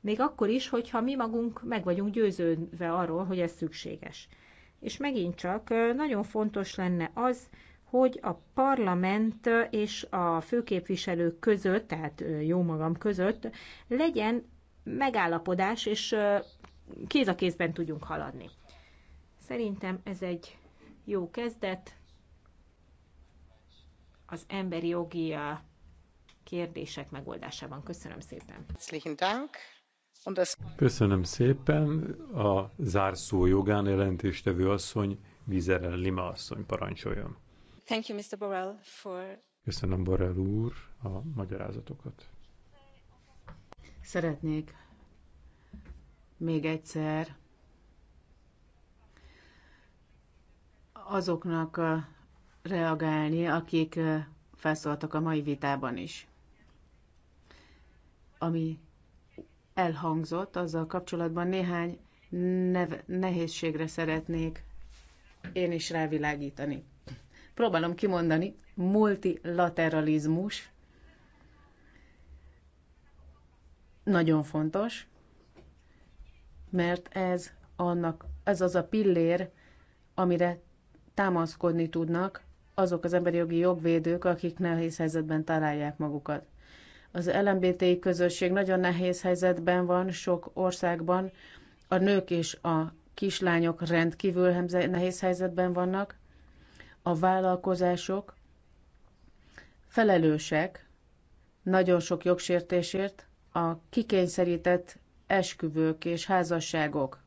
még akkor is, hogyha mi magunk meg vagyunk győződve arról, hogy ez szükséges. És megint csak nagyon fontos lenne az, hogy a parlament és a főképviselők között, tehát jó magam között legyen megállapodás, és kéz a kézben tudjunk haladni. Szerintem ez egy jó kezdet. Az emberi jogi kérdések megoldásában. Köszönöm szépen. Köszönöm szépen. A zárszó jogán jelentéstevő asszony, Vizeren Lima asszony parancsoljon. Thank you, Mr. Borrell, for... Köszönöm, Borrell úr, a magyarázatokat. Szeretnék még egyszer azoknak reagálni, akik felszóltak a mai vitában is. Ami elhangzott, azzal kapcsolatban néhány nev- nehézségre szeretnék én is rávilágítani. Próbálom kimondani, multilateralizmus nagyon fontos, mert ez annak, ez az a pillér, amire támaszkodni tudnak azok az emberi jogi jogvédők, akik nehéz helyzetben találják magukat. Az LMBT közösség nagyon nehéz helyzetben van sok országban. A nők és a kislányok rendkívül nehéz helyzetben vannak. A vállalkozások felelősek nagyon sok jogsértésért a kikényszerített esküvők és házasságok.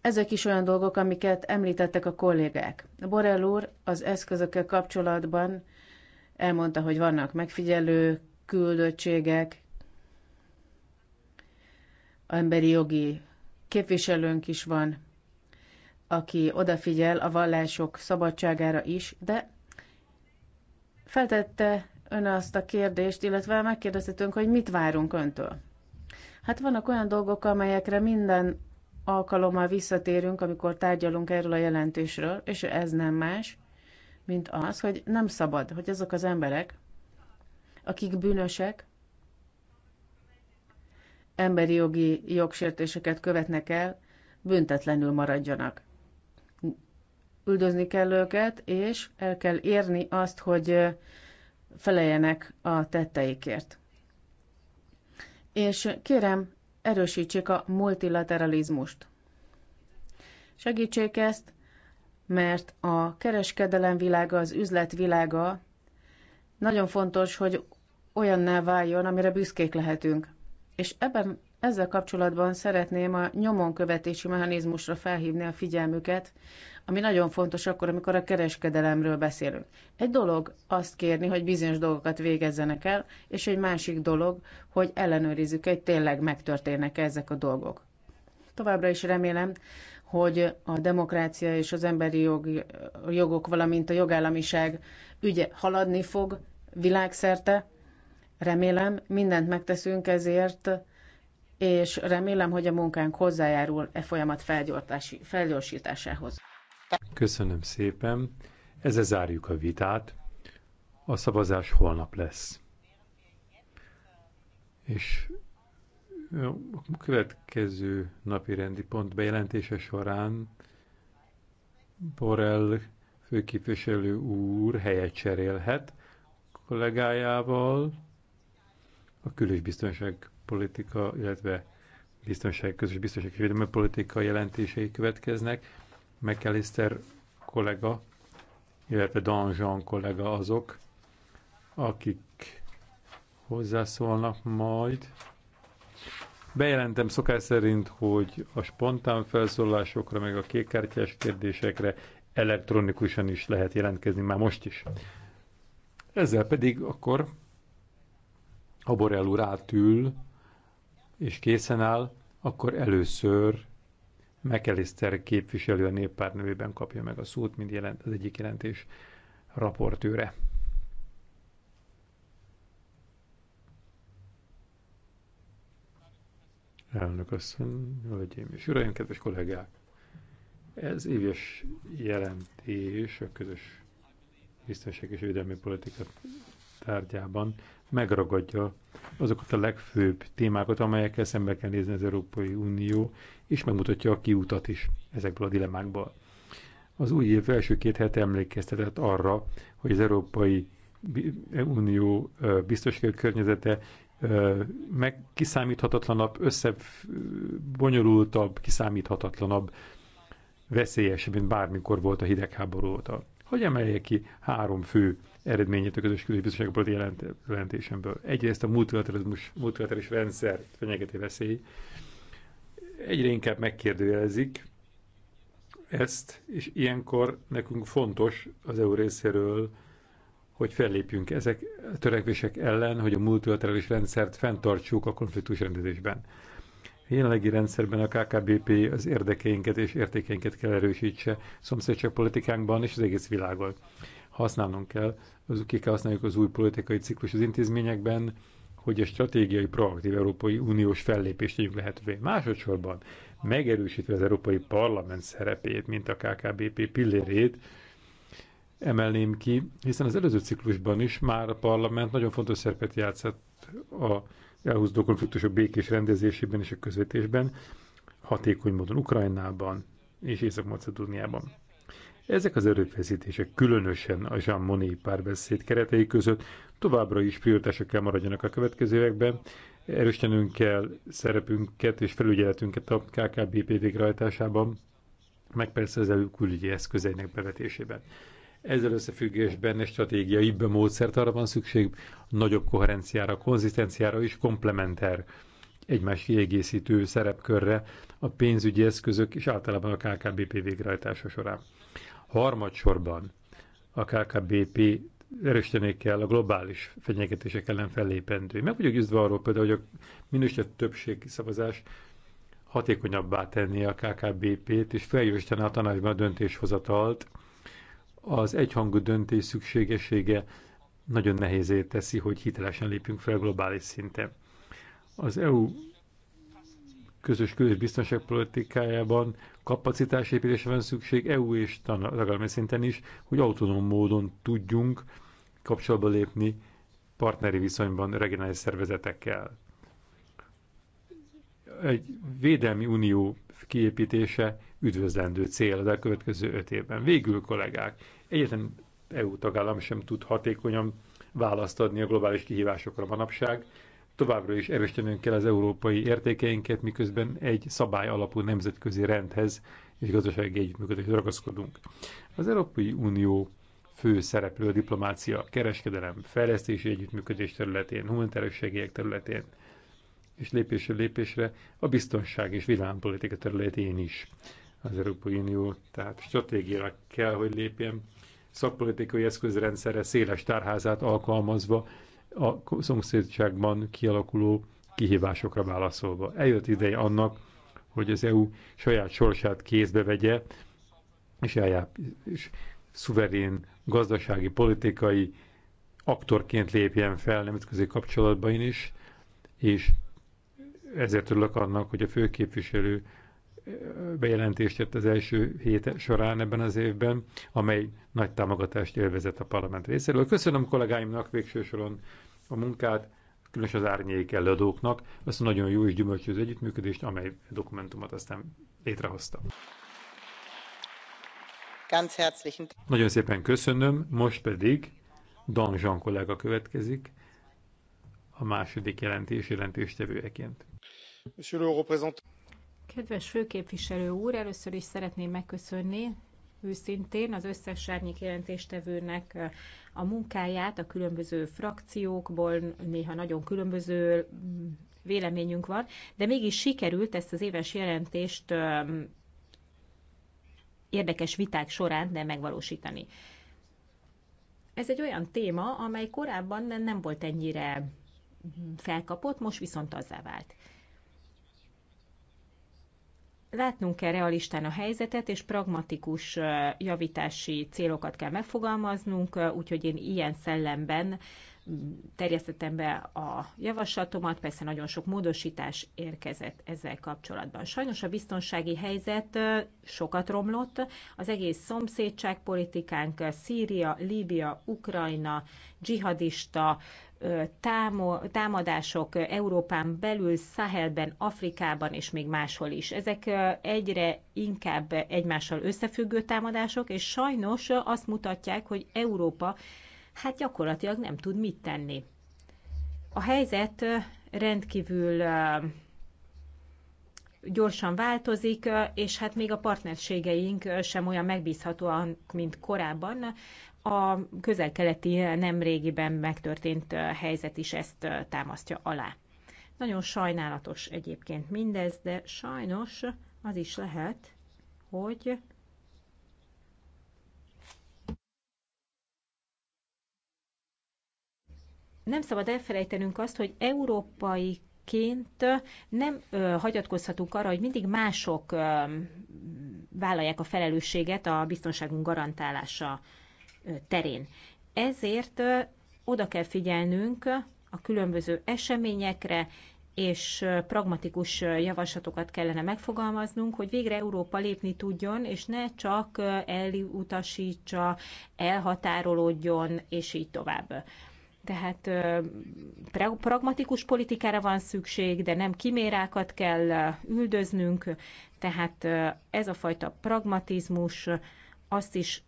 Ezek is olyan dolgok, amiket említettek a kollégák. Borel úr az eszközökkel kapcsolatban elmondta, hogy vannak megfigyelő küldöttségek, emberi jogi képviselőnk is van, aki odafigyel a vallások szabadságára is, de feltette ön azt a kérdést, illetve megkérdeztetünk, hogy mit várunk öntől. Hát vannak olyan dolgok, amelyekre minden alkalommal visszatérünk, amikor tárgyalunk erről a jelentésről, és ez nem más, mint az, hogy nem szabad, hogy azok az emberek, akik bűnösek, emberi jogi jogsértéseket követnek el, büntetlenül maradjanak. Üldözni kell őket, és el kell érni azt, hogy feleljenek a tetteikért. És kérem, erősítsék a multilateralizmust. Segítsék ezt, mert a kereskedelem világa, az üzlet világa nagyon fontos, hogy olyanná váljon, amire büszkék lehetünk. És ebben ezzel kapcsolatban szeretném a nyomonkövetési mechanizmusra felhívni a figyelmüket, ami nagyon fontos akkor, amikor a kereskedelemről beszélünk. Egy dolog azt kérni, hogy bizonyos dolgokat végezzenek el, és egy másik dolog, hogy ellenőrizzük, hogy tényleg megtörténnek -e ezek a dolgok. Továbbra is remélem, hogy a demokrácia és az emberi jog, jogok, valamint a jogállamiság ügye haladni fog, világszerte. Remélem, mindent megteszünk ezért, és remélem, hogy a munkánk hozzájárul e folyamat felgyorsításához. Köszönöm szépen. Ezzel zárjuk a vitát. A szavazás holnap lesz. És a következő napi rendi pont bejelentése során Borrell főképviselő úr helyet cserélhet, kollégájával a kül- biztonság biztonságpolitika, illetve biztonság, közös biztonság és védelmi politika jelentései következnek. McAllister kollega, illetve Jean kollega azok, akik hozzászólnak majd. Bejelentem szokás szerint, hogy a spontán felszólásokra, meg a kékkártyás kérdésekre elektronikusan is lehet jelentkezni, már most is. Ezzel pedig akkor ha Borrell úr átül és készen áll, akkor először McAllister képviselő a néppárt nevében kapja meg a szót, mint jelent, az egyik jelentés raportőre. Elnök asszony, hölgyeim és uraim, kedves kollégák! Ez éves jelentés a közös biztonság és védelmi politika tárgyában megragadja azokat a legfőbb témákat, amelyekkel szembe kell nézni az Európai Unió, és megmutatja a kiutat is ezekből a dilemmákból. Az új év első két hete emlékeztetett arra, hogy az Európai Unió biztonsági környezete meg kiszámíthatatlanabb, összebonyolultabb, kiszámíthatatlanabb, veszélyesebb, mint bármikor volt a hidegháború óta hogy emelje ki három fő eredményét a közös külügyi jelent, jelentésemből. Egyrészt a multilateralizmus, multilateris rendszer fenyegeti veszély. Egyre inkább megkérdőjelezik ezt, és ilyenkor nekünk fontos az EU részéről, hogy fellépjünk ezek a törekvések ellen, hogy a multilaterális rendszert fenntartsuk a konfliktus rendezésben. A jelenlegi rendszerben a KKBP az érdekeinket és értékeinket kell erősítse szomszédság politikánkban és az egész világon. Használnunk kell, az, ki kell használjuk az új politikai ciklus az intézményekben, hogy a stratégiai proaktív Európai Uniós fellépést tegyünk lehetővé. Másodszorban megerősítve az Európai Parlament szerepét, mint a KKBP pillérét, emelném ki, hiszen az előző ciklusban is már a parlament nagyon fontos szerepet játszott a elhúzódó konfliktusok békés rendezésében és a közvetésben, hatékony módon Ukrajnában és Észak-Macedóniában. Ezek az erőfeszítések különösen a Jean Monnet párbeszéd keretei között továbbra is prioritások kell maradjanak a következő években, erősítenünk kell szerepünket és felügyeletünket a KKBP végrehajtásában, meg persze az előkülügyi eszközeinek bevetésében. Ezzel összefüggésben egy stratégiai módszert arra van szükség, nagyobb koherenciára, konzisztenciára és komplementer egymás kiegészítő szerepkörre a pénzügyi eszközök és általában a KKBP végrehajtása során. Harmadsorban a KKBP erősítenék kell a globális fenyegetések ellen fellépendő. Meg vagyok üzdve arról például, hogy a minősített többségi szavazás hatékonyabbá tenni a KKBP-t, és feljövőstene a tanácsban a döntéshozatalt az egyhangú döntés szükségessége nagyon nehézé teszi, hogy hitelesen lépjünk fel globális szinten. Az EU közös külös biztonságpolitikájában kapacitásépítésre van szükség EU és tagállami szinten is, hogy autonóm módon tudjunk kapcsolatba lépni partneri viszonyban regionális szervezetekkel egy védelmi unió kiépítése üdvözlendő cél az elkövetkező öt évben. Végül, kollégák, egyetlen EU tagállam sem tud hatékonyan választ adni a globális kihívásokra manapság. Továbbra is erősítenünk kell az európai értékeinket, miközben egy szabály alapú nemzetközi rendhez és gazdasági együttműködéshez ragaszkodunk. Az Európai Unió fő szereplő a diplomácia, kereskedelem, fejlesztési együttműködés területén, humanitárius segélyek területén – és lépésről lépésre a biztonság és világpolitika területén is az Európai Unió, tehát stratégiára kell, hogy lépjen, szakpolitikai eszközrendszerre széles tárházát alkalmazva a szomszédságban kialakuló kihívásokra válaszolva. Eljött ideje annak, hogy az EU saját sorsát kézbe vegye, és eljárt és szuverén gazdasági, politikai aktorként lépjen fel nemzetközi kapcsolatban is, és ezért örülök annak, hogy a főképviselő eh, bejelentést tett az első hét során ebben az évben, amely nagy támogatást élvezett a parlament részéről. Köszönöm kollégáimnak végső soron a munkát, különösen az árnyék előadóknak, azt a nagyon jó és gyümölcsöző együttműködést, amely dokumentumot aztán létrehozta. Ganz herzlichen. Nagyon szépen köszönöm, most pedig Dan Jean kollega következik a második jelentés jelentéstevőjeként. Kedves főképviselő úr, először is szeretném megköszönni őszintén az összes árnyék jelentéstevőnek eh, a munkáját a különböző frakciókból, néha nagyon különböző mm, véleményünk van, de mégis sikerült ezt az éves jelentést eh, mm, érdekes viták során nem megvalósítani. Ez egy olyan téma, amely korábban nem volt ennyire felkapott, most viszont azzá vált. Látnunk kell realistán a helyzetet, és pragmatikus javítási célokat kell megfogalmaznunk, úgyhogy én ilyen szellemben terjesztettem be a javaslatomat, persze nagyon sok módosítás érkezett ezzel kapcsolatban. Sajnos a biztonsági helyzet sokat romlott, az egész szomszédságpolitikánk, Szíria, Líbia, Ukrajna, dzsihadista támadások Európán belül, Szahelben, Afrikában és még máshol is. Ezek egyre inkább egymással összefüggő támadások, és sajnos azt mutatják, hogy Európa hát gyakorlatilag nem tud mit tenni. A helyzet rendkívül gyorsan változik, és hát még a partnerségeink sem olyan megbízhatóak, mint korábban a közel-keleti nemrégiben megtörtént helyzet is ezt támasztja alá. Nagyon sajnálatos egyébként mindez, de sajnos az is lehet, hogy nem szabad elfelejtenünk azt, hogy európai ként nem ö, hagyatkozhatunk arra, hogy mindig mások ö, vállalják a felelősséget a biztonságunk garantálása terén. Ezért oda kell figyelnünk a különböző eseményekre, és pragmatikus javaslatokat kellene megfogalmaznunk, hogy végre Európa lépni tudjon, és ne csak elutasítsa, elhatárolódjon, és így tovább. Tehát pragmatikus politikára van szükség, de nem kimérákat kell üldöznünk, tehát ez a fajta pragmatizmus azt is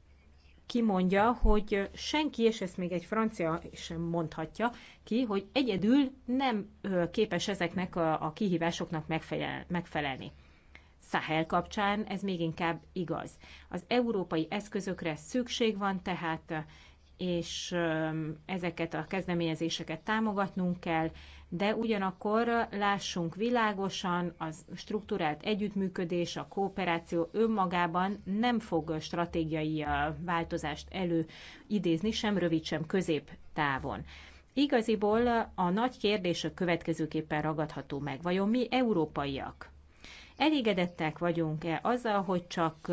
kimondja, hogy senki, és ezt még egy francia sem mondhatja ki, hogy egyedül nem képes ezeknek a kihívásoknak megfelelni. Sahel kapcsán ez még inkább igaz. Az európai eszközökre szükség van, tehát és ezeket a kezdeményezéseket támogatnunk kell, de ugyanakkor lássunk világosan, a struktúrált együttműködés, a kooperáció önmagában nem fog stratégiai változást előidézni, sem rövid, sem középtávon. Igaziból a nagy a következőképpen ragadható meg. Vajon mi európaiak elégedettek vagyunk-e azzal, hogy csak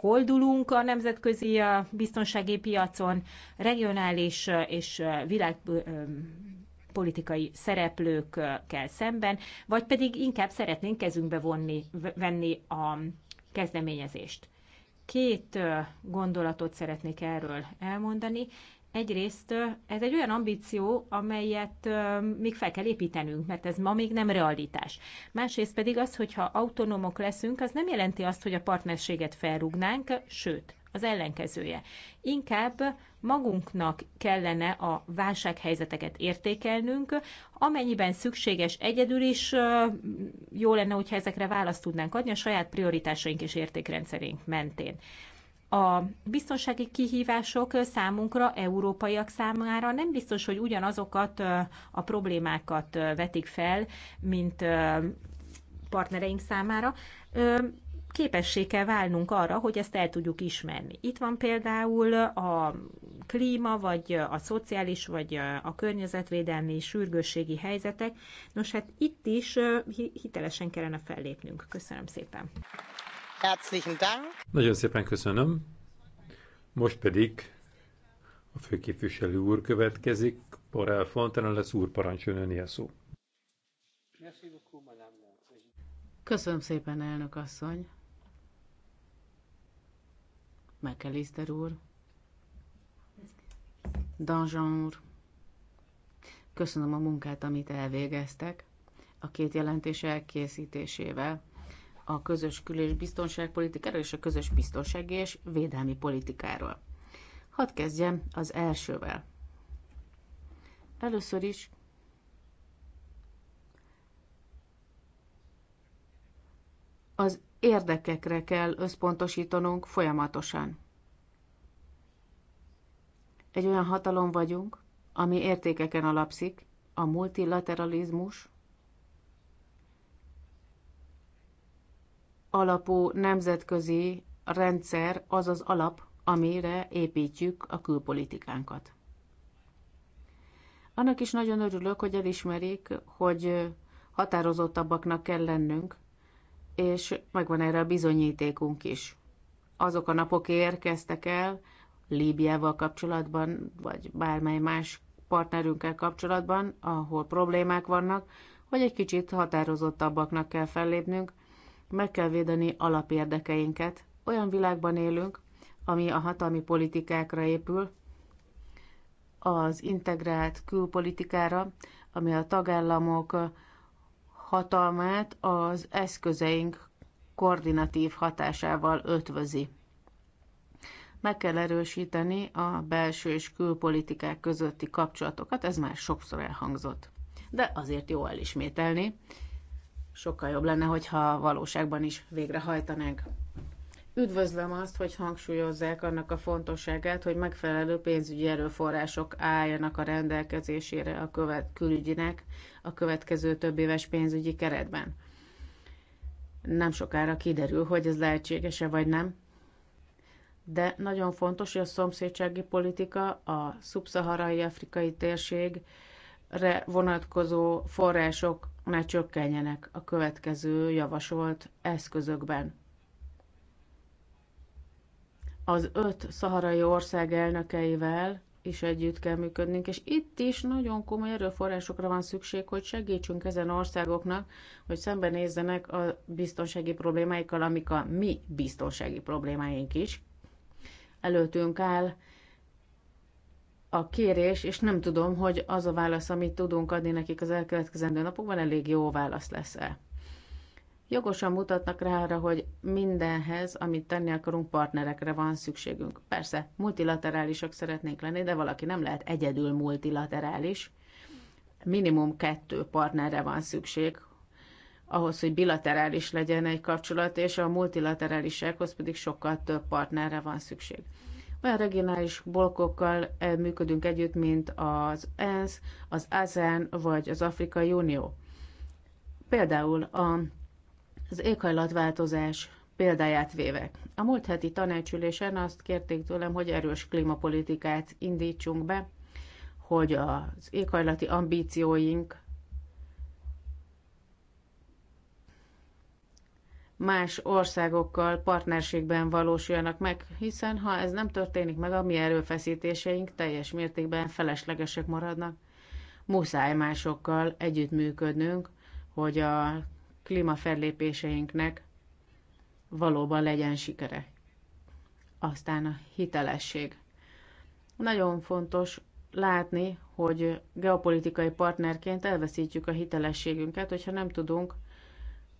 koldulunk a nemzetközi biztonsági piacon, regionális és világpolitikai szereplőkkel szemben, vagy pedig inkább szeretnénk kezünkbe vonni, venni a kezdeményezést. Két gondolatot szeretnék erről elmondani. Egyrészt ez egy olyan ambíció, amelyet még fel kell építenünk, mert ez ma még nem realitás. Másrészt pedig az, hogyha autonómok leszünk, az nem jelenti azt, hogy a partnerséget felrúgnánk, sőt, az ellenkezője. Inkább magunknak kellene a válsághelyzeteket értékelnünk, amennyiben szükséges egyedül is jó lenne, hogyha ezekre választ tudnánk adni a saját prioritásaink és értékrendszerénk mentén a biztonsági kihívások számunkra, európaiak számára nem biztos, hogy ugyanazokat a problémákat vetik fel, mint partnereink számára. Képessé kell válnunk arra, hogy ezt el tudjuk ismerni. Itt van például a klíma, vagy a szociális, vagy a környezetvédelmi sürgősségi helyzetek. Nos, hát itt is hitelesen kellene fellépnünk. Köszönöm szépen! Herzlichen Dank. Nagyon szépen köszönöm. Most pedig a főképviselő úr következik, Borel Fontana lesz úr parancsön a szó. Köszönöm szépen, elnök asszony. McAllister úr. Danzsan úr. Köszönöm a munkát, amit elvégeztek a két jelentés elkészítésével a közös kül- és biztonságpolitikáról és a közös biztonsági és védelmi politikáról. Hadd kezdjem az elsővel. Először is az érdekekre kell összpontosítanunk folyamatosan. Egy olyan hatalom vagyunk, ami értékeken alapszik, a multilateralizmus, alapú nemzetközi rendszer az az alap, amire építjük a külpolitikánkat. Annak is nagyon örülök, hogy elismerik, hogy határozottabbaknak kell lennünk, és megvan erre a bizonyítékunk is. Azok a napok érkeztek el, Líbiával kapcsolatban, vagy bármely más partnerünkkel kapcsolatban, ahol problémák vannak, hogy egy kicsit határozottabbaknak kell fellépnünk, meg kell védeni alapérdekeinket. Olyan világban élünk, ami a hatalmi politikákra épül, az integrált külpolitikára, ami a tagállamok hatalmát az eszközeink koordinatív hatásával ötvözi. Meg kell erősíteni a belső és külpolitikák közötti kapcsolatokat, ez már sokszor elhangzott. De azért jó elismételni, sokkal jobb lenne, hogyha valóságban is végrehajtanánk. Üdvözlöm azt, hogy hangsúlyozzák annak a fontosságát, hogy megfelelő pénzügyi erőforrások álljanak a rendelkezésére a követ külügyinek a következő több éves pénzügyi keretben. Nem sokára kiderül, hogy ez lehetséges-e vagy nem, de nagyon fontos, hogy a szomszédsági politika, a szubszaharai afrikai térségre vonatkozó források ne csökkenjenek a következő javasolt eszközökben. Az öt szaharai ország elnökeivel is együtt kell működnünk, és itt is nagyon komoly erőforrásokra van szükség, hogy segítsünk ezen országoknak, hogy szembenézzenek a biztonsági problémáikkal, amik a mi biztonsági problémáink is. Előttünk áll a kérés, és nem tudom, hogy az a válasz, amit tudunk adni nekik az elkövetkezendő napokban, elég jó válasz lesz-e. Jogosan mutatnak rá arra, hogy mindenhez, amit tenni akarunk, partnerekre van szükségünk. Persze, multilaterálisak szeretnénk lenni, de valaki nem lehet egyedül multilaterális. Minimum kettő partnerre van szükség, ahhoz, hogy bilaterális legyen egy kapcsolat, és a multilaterálisághoz pedig sokkal több partnerre van szükség. Olyan regionális blokkokkal eh, működünk együtt, mint az ENSZ, az ASEAN vagy az Afrikai Unió. Például a, az éghajlatváltozás példáját véve. A múlt heti tanácsülésen azt kérték tőlem, hogy erős klímapolitikát indítsunk be, hogy az éghajlati ambícióink más országokkal partnerségben valósuljanak meg, hiszen ha ez nem történik meg, a mi erőfeszítéseink teljes mértékben feleslegesek maradnak. Muszáj másokkal együttműködnünk, hogy a klímafellépéseinknek valóban legyen sikere. Aztán a hitelesség. Nagyon fontos látni, hogy geopolitikai partnerként elveszítjük a hitelességünket, hogyha nem tudunk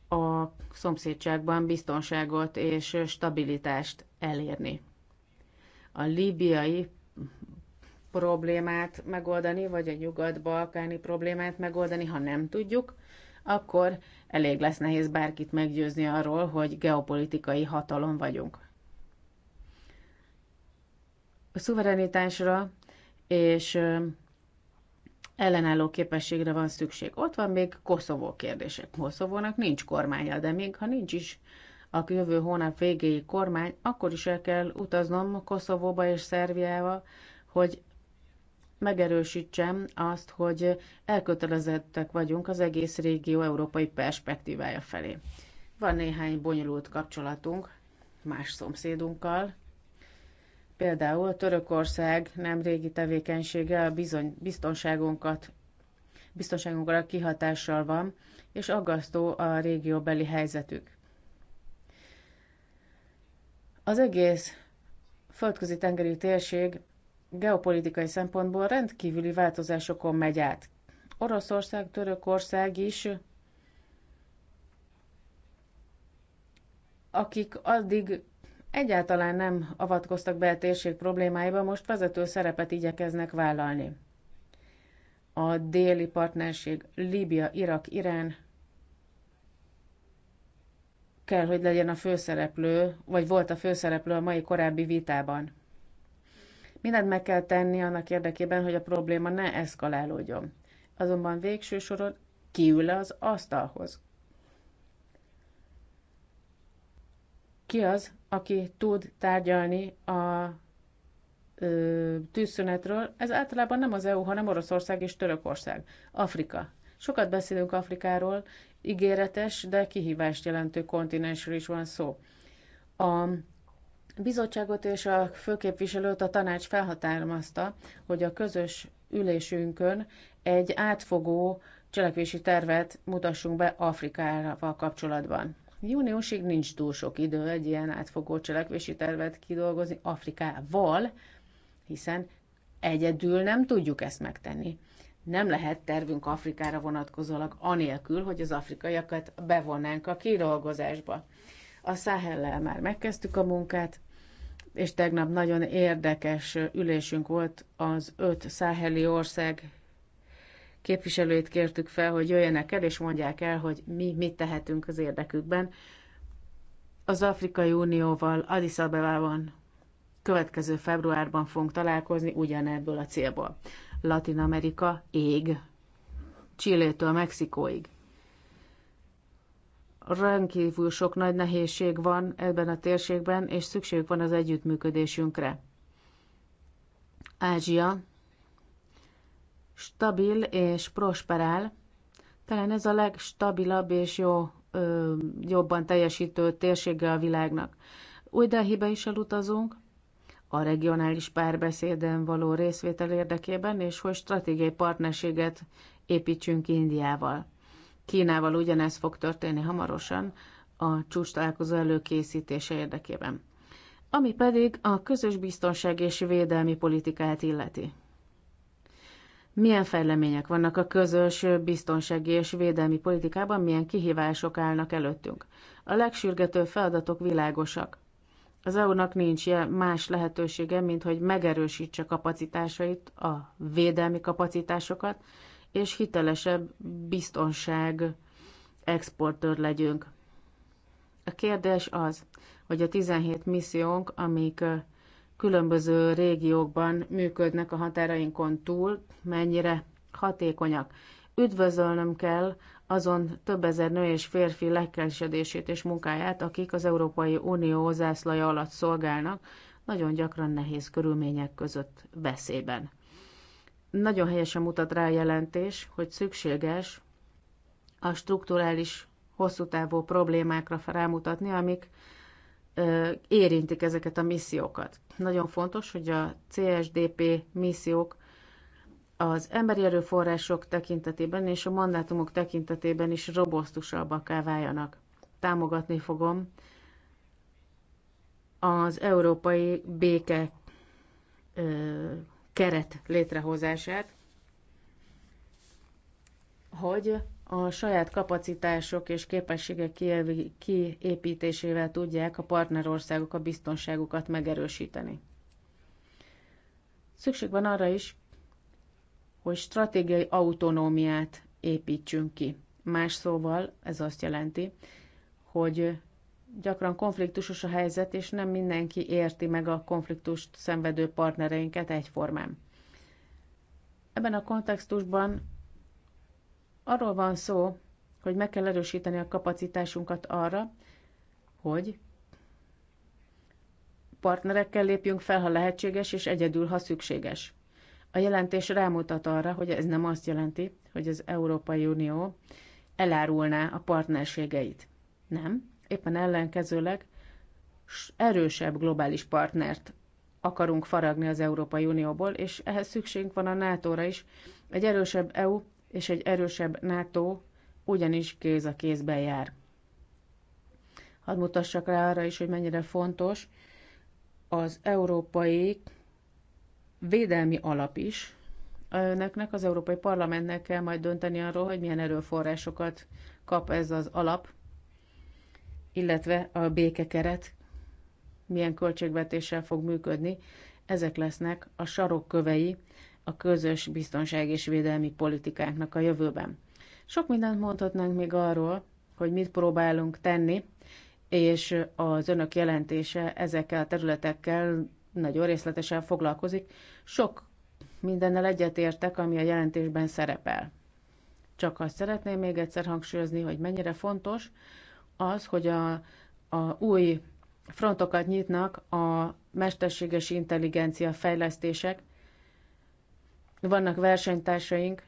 a szomszédságban biztonságot és stabilitást elérni. A líbiai problémát megoldani, vagy a nyugat-balkáni problémát megoldani, ha nem tudjuk, akkor elég lesz nehéz bárkit meggyőzni arról, hogy geopolitikai hatalom vagyunk. A szuverenitásra és ellenálló képességre van szükség. Ott van még Koszovó kérdések. Koszovónak nincs kormánya, de még ha nincs is a jövő hónap végéig kormány, akkor is el kell utaznom Koszovóba és Szerbiába, hogy megerősítsem azt, hogy elkötelezettek vagyunk az egész régió európai perspektívája felé. Van néhány bonyolult kapcsolatunk más szomszédunkkal, Például Törökország nem régi tevékenysége a bizony, biztonságunkat, biztonságunkra kihatással van, és aggasztó a régióbeli helyzetük. Az egész földközi tengeri térség geopolitikai szempontból rendkívüli változásokon megy át. Oroszország, Törökország is, akik addig egyáltalán nem avatkoztak be a térség problémáiba, most vezető szerepet igyekeznek vállalni. A déli partnerség Líbia, Irak, Irán kell, hogy legyen a főszereplő, vagy volt a főszereplő a mai korábbi vitában. Mindent meg kell tenni annak érdekében, hogy a probléma ne eszkalálódjon. Azonban végső soron kiül az asztalhoz. Ki az, aki tud tárgyalni a ö, tűzszünetről? Ez általában nem az EU, hanem Oroszország és Törökország. Afrika. Sokat beszélünk Afrikáról, ígéretes, de kihívást jelentő kontinensről is van szó. A bizottságot és a főképviselőt a tanács felhatalmazta, hogy a közös ülésünkön egy átfogó cselekvési tervet mutassunk be Afrikával kapcsolatban. Júniusig nincs túl sok idő egy ilyen átfogó cselekvési tervet kidolgozni Afrikával, hiszen egyedül nem tudjuk ezt megtenni. Nem lehet tervünk Afrikára vonatkozólag anélkül, hogy az afrikaiakat bevonnánk a kidolgozásba. A Száhellel már megkezdtük a munkát, és tegnap nagyon érdekes ülésünk volt az öt száheli ország képviselőit kértük fel, hogy jöjjenek el, és mondják el, hogy mi mit tehetünk az érdekükben. Az Afrikai Unióval Addis Abebában következő februárban fogunk találkozni ugyanebből a célból. Latin Amerika ég. Csillétől Mexikóig. Rendkívül sok nagy nehézség van ebben a térségben, és szükség van az együttműködésünkre. Ázsia stabil és prosperál. Talán ez a legstabilabb és jó, ö, jobban teljesítő térsége a világnak. Új Delhibe is elutazunk, a regionális párbeszéden való részvétel érdekében, és hogy stratégiai partnerséget építsünk Indiával. Kínával ugyanez fog történni hamarosan a csúcs találkozó előkészítése érdekében. Ami pedig a közös biztonság és védelmi politikát illeti milyen fejlemények vannak a közös biztonsági és védelmi politikában, milyen kihívások állnak előttünk. A legsürgető feladatok világosak. Az EU-nak nincs más lehetősége, mint hogy megerősítse kapacitásait, a védelmi kapacitásokat, és hitelesebb biztonság exportőr legyünk. A kérdés az, hogy a 17 missziónk, amik különböző régiókban működnek a határainkon túl, mennyire hatékonyak. Üdvözölnöm kell azon több ezer nő és férfi lelkesedését és munkáját, akik az Európai Unió zászlaja alatt szolgálnak, nagyon gyakran nehéz körülmények között veszélyben. Nagyon helyesen mutat rá a jelentés, hogy szükséges a strukturális, hosszú távú problémákra rámutatni, amik érintik ezeket a missziókat. Nagyon fontos, hogy a CSDP missziók az emberi erőforrások tekintetében és a mandátumok tekintetében is robosztusabbaká váljanak. Támogatni fogom az európai béke ö, keret létrehozását, hogy a saját kapacitások és képességek kiépítésével tudják a partnerországok a biztonságukat megerősíteni. Szükség van arra is, hogy stratégiai autonómiát építsünk ki. Más szóval ez azt jelenti, hogy gyakran konfliktusos a helyzet, és nem mindenki érti meg a konfliktust szenvedő partnereinket egyformán. Ebben a kontextusban Arról van szó, hogy meg kell erősíteni a kapacitásunkat arra, hogy partnerekkel lépjünk fel, ha lehetséges, és egyedül, ha szükséges. A jelentés rámutat arra, hogy ez nem azt jelenti, hogy az Európai Unió elárulná a partnerségeit. Nem, éppen ellenkezőleg erősebb globális partnert akarunk faragni az Európai Unióból, és ehhez szükségünk van a NATO-ra is. Egy erősebb EU és egy erősebb NATO ugyanis kéz a kézben jár. Hadd mutassak rá arra is, hogy mennyire fontos az európai védelmi alap is. Önöknek, az Európai Parlamentnek kell majd dönteni arról, hogy milyen erőforrásokat kap ez az alap, illetve a békekeret milyen költségvetéssel fog működni. Ezek lesznek a sarokkövei a közös biztonság és védelmi politikáknak a jövőben. Sok mindent mondhatnánk még arról, hogy mit próbálunk tenni, és az önök jelentése ezekkel a területekkel nagyon részletesen foglalkozik. Sok mindennel egyetértek, ami a jelentésben szerepel. Csak azt szeretném még egyszer hangsúlyozni, hogy mennyire fontos az, hogy a, a új frontokat nyitnak a mesterséges intelligencia fejlesztések, vannak versenytársaink,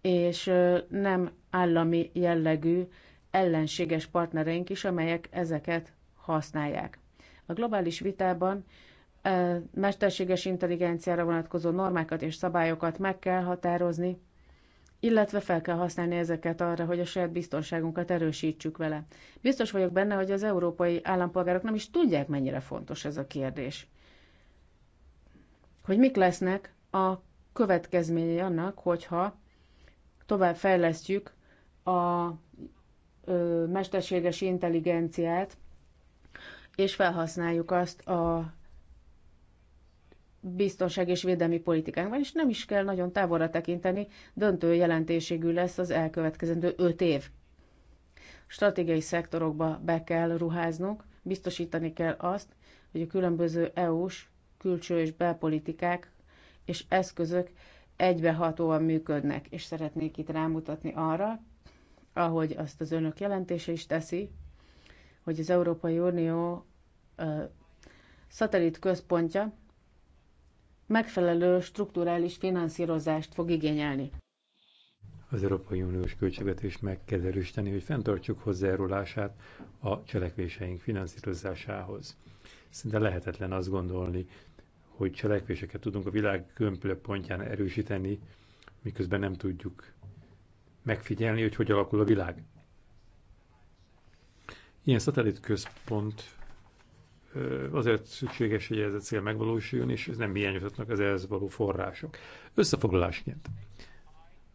és nem állami jellegű ellenséges partnereink is, amelyek ezeket használják. A globális vitában mesterséges intelligenciára vonatkozó normákat és szabályokat meg kell határozni, illetve fel kell használni ezeket arra, hogy a saját biztonságunkat erősítsük vele. Biztos vagyok benne, hogy az európai állampolgárok nem is tudják, mennyire fontos ez a kérdés. Hogy mik lesznek a következményei annak, hogyha tovább fejlesztjük a ö, mesterséges intelligenciát, és felhasználjuk azt a biztonság és védelmi politikánkban, és nem is kell nagyon távolra tekinteni, döntő jelentőségű lesz az elkövetkezendő öt év. Stratégiai szektorokba be kell ruháznunk, biztosítani kell azt, hogy a különböző EU-s külső és belpolitikák és eszközök egybehatóan működnek, és szeretnék itt rámutatni arra, ahogy azt az önök jelentése is teszi, hogy az Európai Unió ö, szatellit központja megfelelő strukturális finanszírozást fog igényelni. Az Európai Uniós költségvetés meg kell erősíteni, hogy fenntartsuk hozzájárulását a cselekvéseink finanszírozásához. Szinte lehetetlen azt gondolni, hogy cselekvéseket tudunk a világ különböző pontján erősíteni, miközben nem tudjuk megfigyelni, hogy hogy alakul a világ. Ilyen szatellit központ azért szükséges, hogy ez a cél megvalósuljon, és ez nem hiányozhatnak az ehhez való források. Összefoglalásként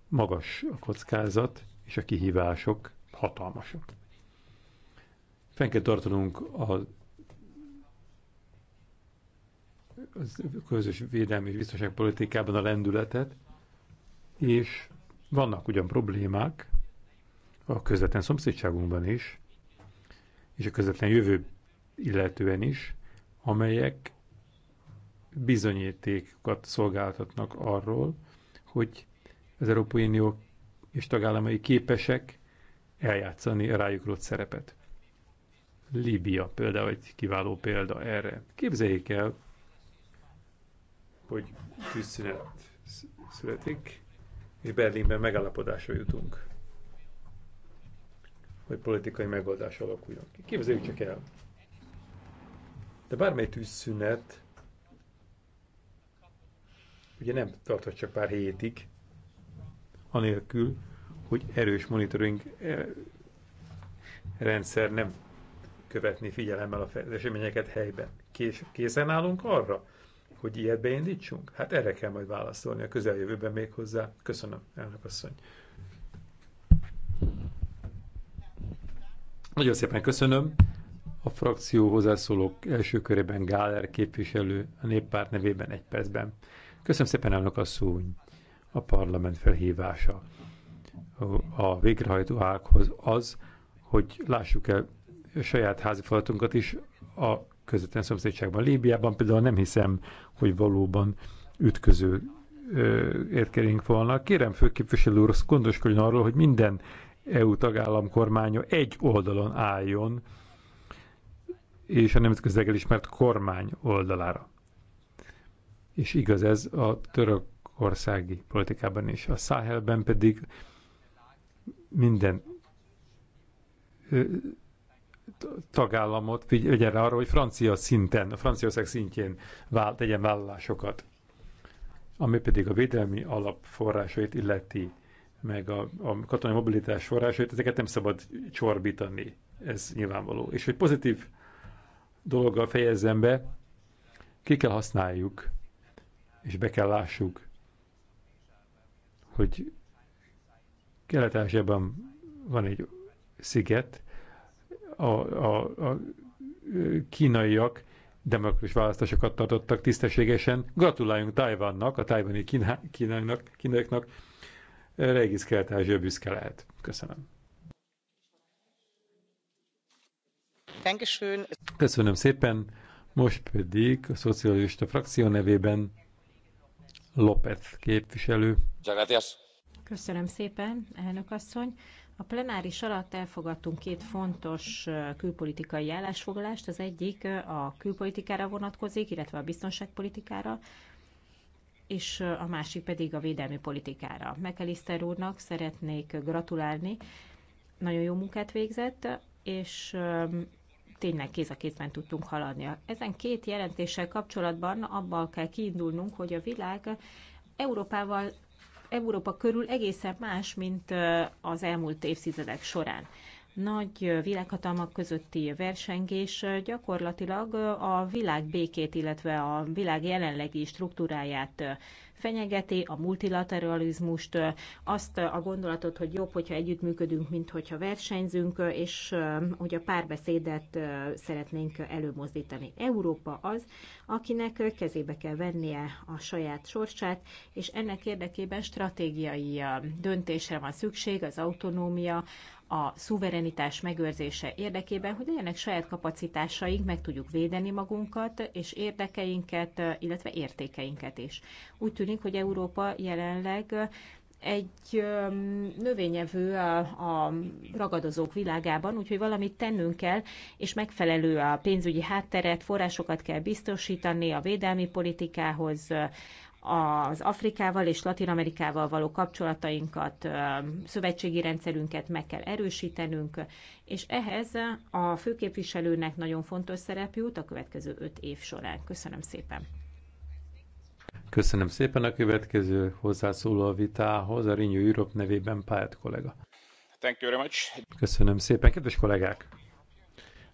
magas a kockázat, és a kihívások hatalmasak. Fenn kell tartanunk a a közös védelmi és biztonságpolitikában a lendületet, és vannak ugyan problémák a közvetlen szomszédságunkban is, és a közvetlen jövő illetően is, amelyek bizonyítékokat szolgáltatnak arról, hogy az Európai Unió és tagállamai képesek eljátszani a rájuk rott szerepet. Líbia például egy kiváló példa erre. Képzeljék el, hogy tűzszünet születik, és Berlinben megállapodásra jutunk, hogy politikai megoldás alakuljon ki. Képzeljük csak el. De bármely tűzszünet ugye nem tarthat csak pár hétig, anélkül, hogy erős monitoring e, rendszer nem követni figyelemmel a eseményeket helyben. Készen állunk arra, hogy ilyet beindítsunk? Hát erre kell majd válaszolni a közeljövőben még hozzá. Köszönöm, elnök asszony. Nagyon szépen köszönöm. A frakció hozzászólók első körében Gáler képviselő a néppárt nevében egy percben. Köszönöm szépen, elnök asszony, a parlament felhívása a végrehajtó ághoz az, hogy lássuk el saját házi falatunkat is a közvetlen szomszédságban. Líbiában például nem hiszem, hogy valóban ütköző érkerénk volna. Kérem főképviselő úr, gondoskodjon arról, hogy minden EU tagállam kormánya egy oldalon álljon, és a nemzetközileg elismert kormány oldalára. És igaz ez a törökországi politikában is. A Száhelben pedig minden tagállamot figyeljen arra, hogy francia szinten, a Franciaország szintjén vál, tegyen vállalásokat. Ami pedig a védelmi alapforrásait illeti, meg a, a katonai mobilitás forrásait, ezeket nem szabad csorbítani. Ez nyilvánvaló. És hogy pozitív dologgal fejezzem be, ki kell használjuk, és be kell lássuk, hogy kelet van egy sziget, a, a, a kínaiak demokratikus választásokat tartottak tisztességesen. Gratuláljunk Tajvannak, a tajvani kínaiaknak, kínaiaknak. Regis kelet büszke lehet. Köszönöm. Köszönöm szépen. Most pedig a szocialista frakció nevében López képviselő. Köszönöm szépen, elnök asszony. A plenáris alatt elfogadtunk két fontos külpolitikai állásfoglalást. Az egyik a külpolitikára vonatkozik, illetve a biztonságpolitikára, és a másik pedig a védelmi politikára. Mekeliszter úrnak szeretnék gratulálni, nagyon jó munkát végzett, és tényleg kéz a kézben tudtunk haladni. Ezen két jelentéssel kapcsolatban abban kell kiindulnunk, hogy a világ Európával Európa körül egészen más, mint az elmúlt évtizedek során. Nagy világhatalmak közötti versengés gyakorlatilag a világ békét, illetve a világ jelenlegi struktúráját fenyegeti a multilateralizmust, azt a gondolatot, hogy jobb, hogyha együttműködünk, mint hogyha versenyzünk, és hogy a párbeszédet szeretnénk előmozdítani. Európa az, akinek kezébe kell vennie a saját sorsát, és ennek érdekében stratégiai döntésre van szükség, az autonómia, a szuverenitás megőrzése érdekében, hogy legyenek saját kapacitásaink, meg tudjuk védeni magunkat és érdekeinket, illetve értékeinket is. Úgy tűnik, hogy Európa jelenleg egy növényevő a, a ragadozók világában, úgyhogy valamit tennünk kell, és megfelelő a pénzügyi hátteret, forrásokat kell biztosítani a védelmi politikához, az Afrikával és Latin Amerikával való kapcsolatainkat, szövetségi rendszerünket meg kell erősítenünk, és ehhez a főképviselőnek nagyon fontos szerep jut a következő öt év során. Köszönöm szépen! Köszönöm szépen a következő hozzászóló a vitához, a Renew Europe nevében Pályát kollega. Thank you very much. Köszönöm szépen, kedves kollégák!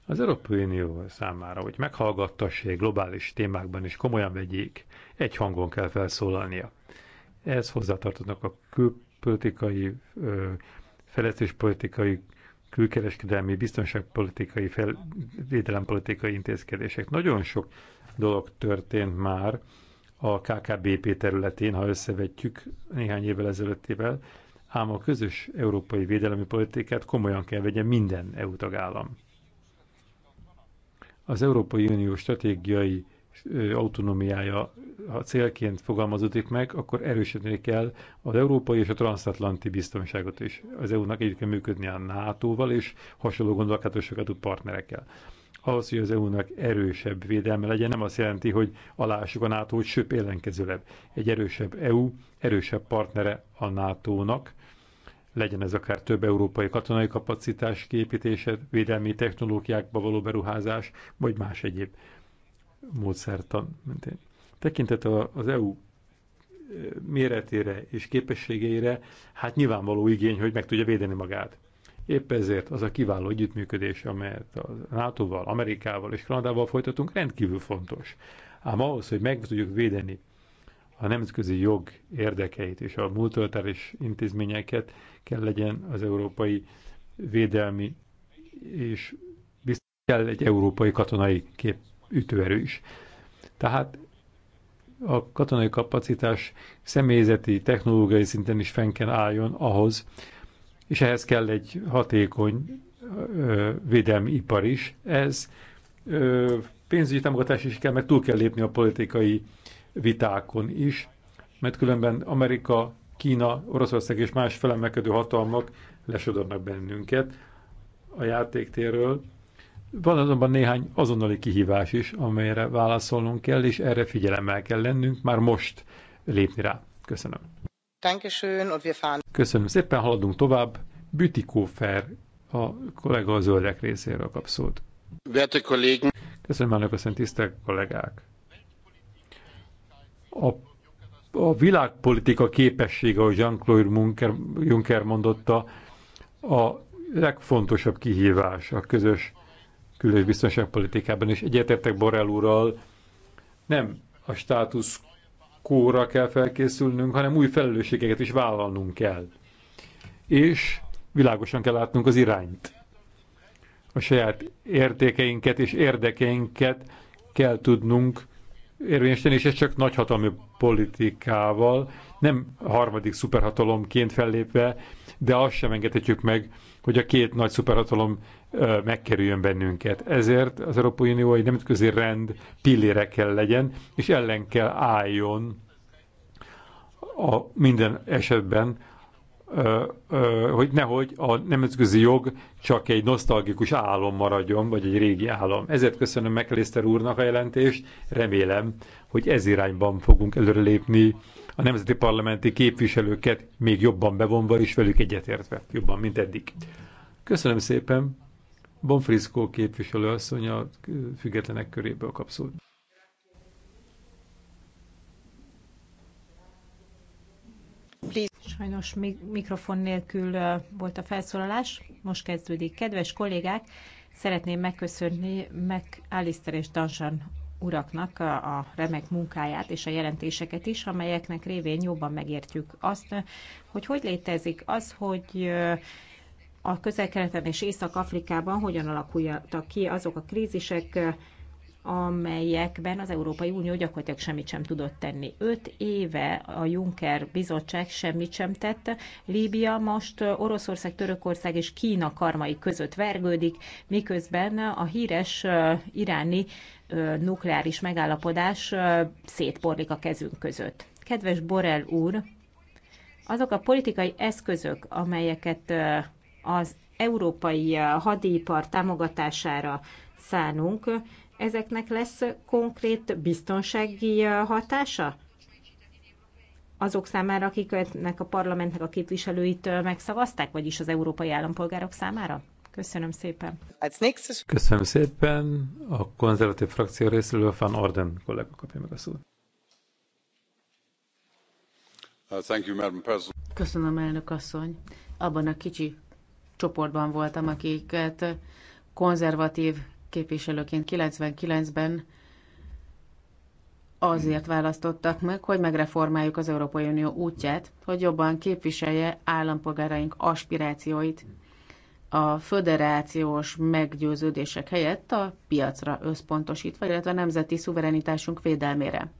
az Európai Unió számára, hogy meghallgattassék globális témákban is komolyan vegyék, egy hangon kell felszólalnia. Ehhez hozzátartoznak a külpolitikai, fejlesztéspolitikai, külkereskedelmi, biztonságpolitikai, fel, védelempolitikai intézkedések. Nagyon sok dolog történt már a KKBP területén, ha összevetjük néhány évvel ezelőttével, ám a közös európai védelemi politikát komolyan kell vegye minden EU tagállam. Az Európai Unió stratégiai autonómiája ha célként fogalmazódik meg, akkor erősödni kell az európai és a transatlanti biztonságot is. Az EU-nak együtt kell működni a NATO-val és hasonló gondolkodásokat tud partnerekkel. Ahhoz, hogy az EU-nak erősebb védelme legyen, nem azt jelenti, hogy alássuk a NATO-t, sőt ellenkezőleg. Egy erősebb EU, erősebb partnere a NATO-nak, legyen ez akár több európai katonai kapacitás kiépítése, védelmi technológiákba való beruházás, vagy más egyéb módszertan mentén. Tekintet az EU e, méretére és képességeire, hát nyilvánvaló igény, hogy meg tudja védeni magát. Épp ezért az a kiváló együttműködés, amelyet a NATO-val, Amerikával és Kanadával folytatunk, rendkívül fontos. Ám ahhoz, hogy meg tudjuk védeni a nemzetközi jog érdekeit és a multilaterális intézményeket kell legyen az európai védelmi és biztos kell egy európai katonai kép ütőerő is. Tehát a katonai kapacitás személyzeti, technológiai szinten is fenn kell álljon ahhoz, és ehhez kell egy hatékony ö, védelmi ipar is. Ez ö, pénzügyi támogatás is kell, meg túl kell lépni a politikai vitákon is, mert különben Amerika, Kína, Oroszország és más felemelkedő hatalmak lesodornak bennünket a játéktérről. Van azonban néhány azonnali kihívás is, amelyre válaszolnunk kell, és erre figyelemmel kell lennünk, már most lépni rá. Köszönöm. Köszönöm szépen, haladunk tovább. Fer a kollega a zöldek részéről kap szót. Köszönöm, elnök asszony, tisztelt kollégák! a, a világpolitika képessége, ahogy Jean-Claude Juncker mondotta, a legfontosabb kihívás a közös kül- és biztonságpolitikában, és egyetértek Borrell úrral, nem a státusz kóra kell felkészülnünk, hanem új felelősségeket is vállalnunk kell. És világosan kell látnunk az irányt. A saját értékeinket és érdekeinket kell tudnunk érvényesíteni, és ez csak nagyhatalmi politikával, nem harmadik szuperhatalomként fellépve, de azt sem engedhetjük meg, hogy a két nagy szuperhatalom megkerüljön bennünket. Ezért az Európai Unió egy nemzetközi rend pillére kell legyen, és ellen kell álljon a minden esetben hogy nehogy a nemzetközi jog csak egy nosztalgikus álom maradjon, vagy egy régi álom. Ezért köszönöm McAllister úrnak a jelentést, remélem, hogy ez irányban fogunk előrelépni a nemzeti parlamenti képviselőket még jobban bevonva és velük egyetértve, jobban, mint eddig. Köszönöm szépen, Bonfriszkó képviselő asszony a függetlenek köréből kapszolni. Sajnos mikrofon nélkül volt a felszólalás, most kezdődik. Kedves kollégák, szeretném megköszönni meg Alistair és Dansan uraknak a remek munkáját és a jelentéseket is, amelyeknek révén jobban megértjük azt, hogy hogy létezik az, hogy a közel-keleten és Észak-Afrikában hogyan alakultak ki azok a krízisek, amelyekben az Európai Unió gyakorlatilag semmit sem tudott tenni. Öt éve a Juncker bizottság semmit sem tett. Líbia most Oroszország, Törökország és Kína karmai között vergődik, miközben a híres iráni nukleáris megállapodás szétporlik a kezünk között. Kedves Borel úr, azok a politikai eszközök, amelyeket az európai hadipar támogatására szánunk, ezeknek lesz konkrét biztonsági hatása? Azok számára, akiknek a parlamentnek a képviselőit megszavazták, vagyis az európai állampolgárok számára? Köszönöm szépen. Köszönöm szépen. A konzervatív frakció részéről Van Orden kollega kapja meg a szót. Uh, Köszönöm, elnök asszony. Abban a kicsi csoportban voltam, akiket konzervatív képviselőként 99-ben azért választottak meg, hogy megreformáljuk az Európai Unió útját, hogy jobban képviselje állampolgáraink aspirációit a föderációs meggyőződések helyett a piacra összpontosítva, illetve a nemzeti szuverenitásunk védelmére.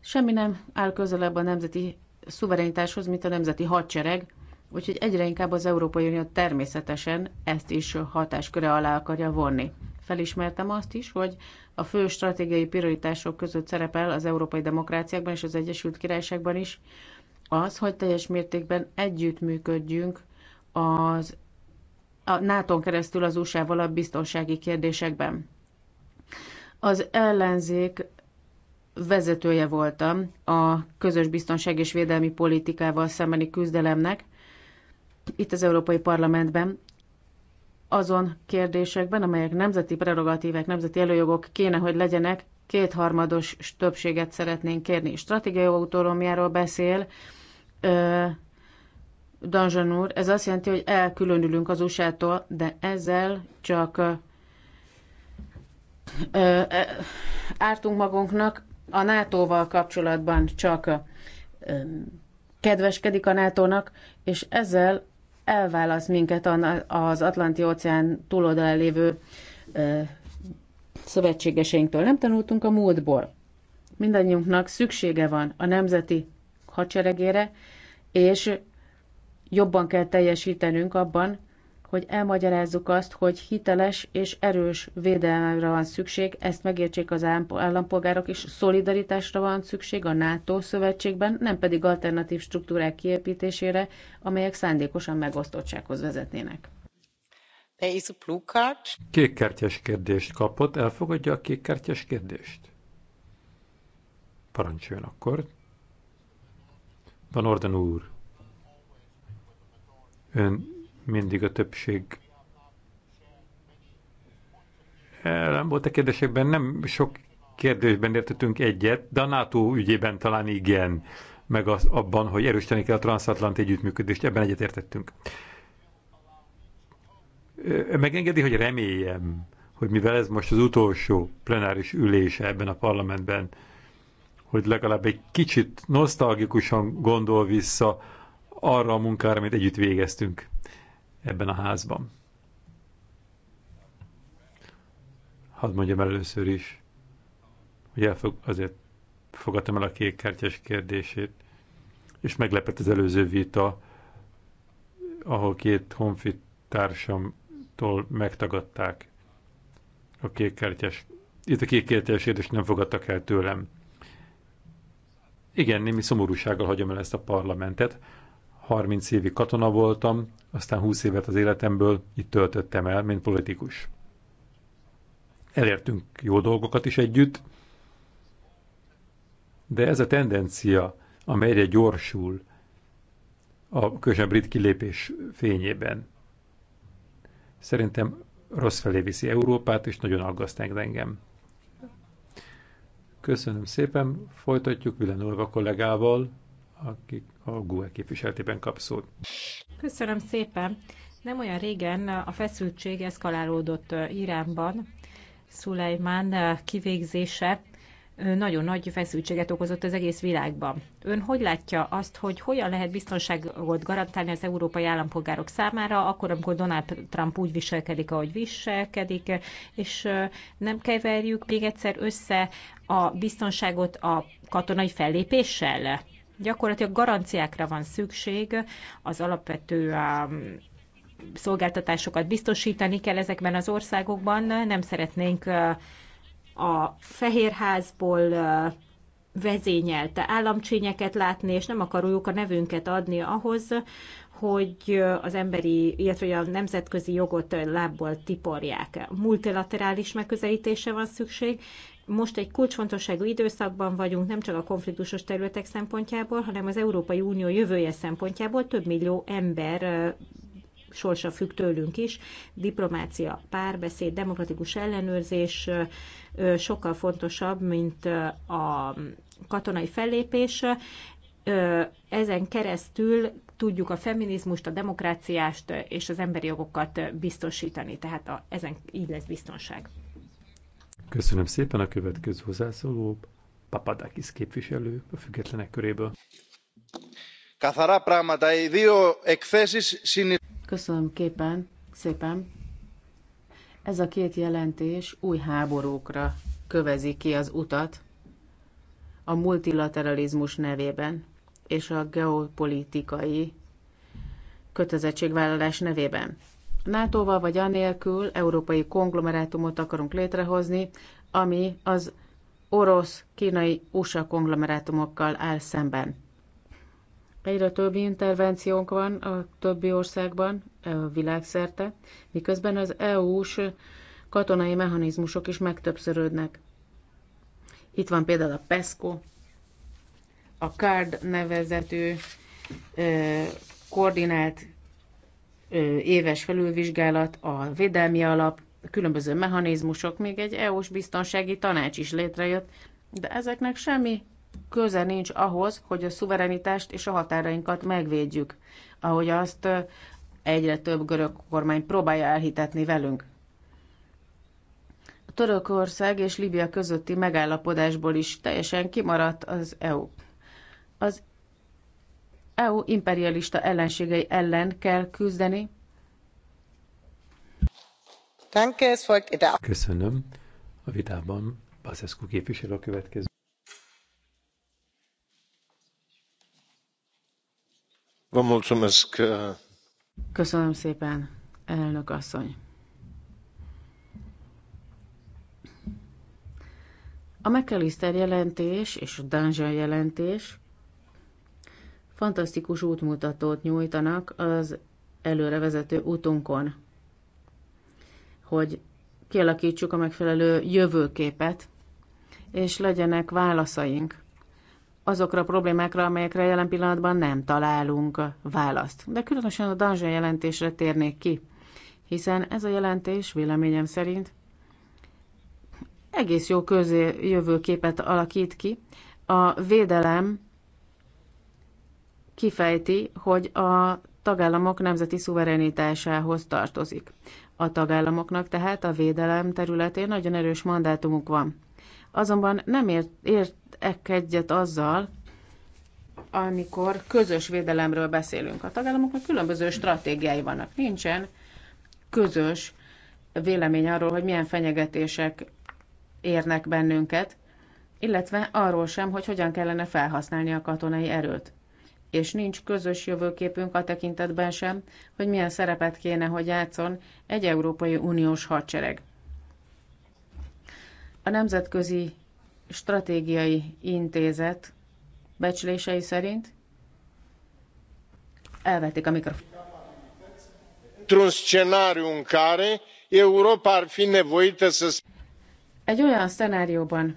Semmi nem áll közelebb a nemzeti szuverenitáshoz, mint a nemzeti hadsereg, úgyhogy egyre inkább az Európai Unió természetesen ezt is hatásköre alá akarja vonni. Felismertem azt is, hogy a fő stratégiai prioritások között szerepel az európai demokráciákban és az Egyesült Királyságban is az, hogy teljes mértékben együttműködjünk az, a nato keresztül az USA-val a biztonsági kérdésekben. Az ellenzék vezetője voltam a közös biztonság és védelmi politikával szembeni küzdelemnek, itt az Európai Parlamentben, azon kérdésekben, amelyek nemzeti prerogatívek, nemzeti előjogok kéne, hogy legyenek, kétharmados többséget szeretnénk kérni. Stratégiai autonómiáról beszél uh, Danzsan úr, ez azt jelenti, hogy elkülönülünk az usa de ezzel csak uh, uh, ártunk magunknak a NATO-val kapcsolatban csak kedveskedik a NATO-nak, és ezzel elválaszt minket az Atlanti-óceán túloldalán lévő szövetségeseinktől. Nem tanultunk a múltból. Mindannyiunknak szüksége van a nemzeti hadseregére, és jobban kell teljesítenünk abban, hogy elmagyarázzuk azt, hogy hiteles és erős védelemre van szükség, ezt megértsék az állampolgárok is, szolidaritásra van szükség a NATO szövetségben, nem pedig alternatív struktúrák kiépítésére, amelyek szándékosan megosztottsághoz vezetnének. Kékkártyás kérdést kapott, elfogadja a kékkártyás kérdést? Parancsoljon akkor. Van Orden úr. Ön mindig a többség nem volt a kérdésekben, nem sok kérdésben értettünk egyet, de a NATO ügyében talán igen, meg az, abban, hogy erősíteni kell a transatlanti együttműködést, ebben egyet értettünk. Megengedi, hogy reméljem, hogy mivel ez most az utolsó plenáris ülése ebben a parlamentben, hogy legalább egy kicsit nosztalgikusan gondol vissza arra a munkára, amit együtt végeztünk ebben a házban. Hadd mondjam először is, hogy elfog, azért fogadtam el a kékkártyás kérdését, és meglepett az előző vita, ahol két honfit társamtól megtagadták a kékkártyás, itt a kékkártyás és nem fogadtak el tőlem. Igen, némi szomorúsággal hagyom el ezt a parlamentet, 30 évig katona voltam, aztán 20 évet az életemből itt töltöttem el, mint politikus. Elértünk jó dolgokat is együtt, de ez a tendencia, amelyre gyorsul a közösen brit kilépés fényében, szerintem rossz felé viszi Európát, és nagyon aggaszt engem. Köszönöm szépen, folytatjuk Villanulva kollégával, akik a GUE képviseletében kap szót. Köszönöm szépen. Nem olyan régen a feszültség eszkalálódott Iránban. Szulajmán kivégzése nagyon nagy feszültséget okozott az egész világban. Ön hogy látja azt, hogy hogyan lehet biztonságot garantálni az európai állampolgárok számára, akkor, amikor Donald Trump úgy viselkedik, ahogy viselkedik, és nem keverjük még egyszer össze a biztonságot a katonai fellépéssel? Gyakorlatilag garanciákra van szükség az alapvető um, szolgáltatásokat biztosítani kell ezekben az országokban. Nem szeretnénk uh, a Fehérházból uh, vezényelte államcsényeket látni, és nem akarjuk a nevünket adni ahhoz, hogy uh, az emberi, illetve a nemzetközi jogot lábból tiporják. Multilaterális megközelítése van szükség, most egy kulcsfontosságú időszakban vagyunk, nem csak a konfliktusos területek szempontjából, hanem az Európai Unió jövője szempontjából több millió ember sorsa függ tőlünk is. Diplomácia, párbeszéd, demokratikus ellenőrzés sokkal fontosabb, mint a katonai fellépés. Ezen keresztül tudjuk a feminizmust, a demokráciást és az emberi jogokat biztosítani, tehát a, ezen így lesz biztonság. Köszönöm szépen a következő hozzászóló, Papadakis képviselő a függetlenek köréből. Καθαρά πράγματα. Οι δύο Köszönöm képen, szépen. Ez a két jelentés új háborúkra kövezi ki az utat a multilateralizmus nevében és a geopolitikai kötelezettségvállalás nevében. NATO-val vagy anélkül európai konglomerátumot akarunk létrehozni, ami az orosz-kínai USA konglomerátumokkal áll szemben. Egyre több intervenciónk van a többi országban, világszerte, miközben az EU-s katonai mechanizmusok is megtöbbszörődnek. Itt van például a PESCO, a CARD nevezetű koordinált éves felülvizsgálat, a védelmi alap, a különböző mechanizmusok, még egy EU-s biztonsági tanács is létrejött, de ezeknek semmi köze nincs ahhoz, hogy a szuverenitást és a határainkat megvédjük, ahogy azt egyre több görög kormány próbálja elhitetni velünk. A Törökország és Líbia közötti megállapodásból is teljesen kimaradt az EU. Az EU imperialista ellenségei ellen kell küzdeni. Köszönöm. A vitában Baszeszku képviselő a következő. Uh, Köszönöm szépen, elnök asszony. A McAllister jelentés és a Dungeon jelentés fantasztikus útmutatót nyújtanak az előrevezető útunkon, hogy kialakítsuk a megfelelő jövőképet, és legyenek válaszaink azokra a problémákra, amelyekre jelen pillanatban nem találunk választ. De különösen a Danzsa jelentésre térnék ki, hiszen ez a jelentés véleményem szerint egész jó közé jövőképet alakít ki. A védelem kifejti, hogy a tagállamok nemzeti szuverenitásához tartozik. A tagállamoknak tehát a védelem területén nagyon erős mandátumuk van. Azonban nem ért, értek egyet azzal, amikor közös védelemről beszélünk. A tagállamoknak különböző stratégiái vannak. Nincsen közös vélemény arról, hogy milyen fenyegetések érnek bennünket, illetve arról sem, hogy hogyan kellene felhasználni a katonai erőt és nincs közös jövőképünk a tekintetben sem, hogy milyen szerepet kéne, hogy játszon egy Európai Uniós hadsereg. A Nemzetközi Stratégiai Intézet becslései szerint elvették a mikrofon. Într-un scenariu în care Europa ar fi nevoită să... Egy olyan szenárióban,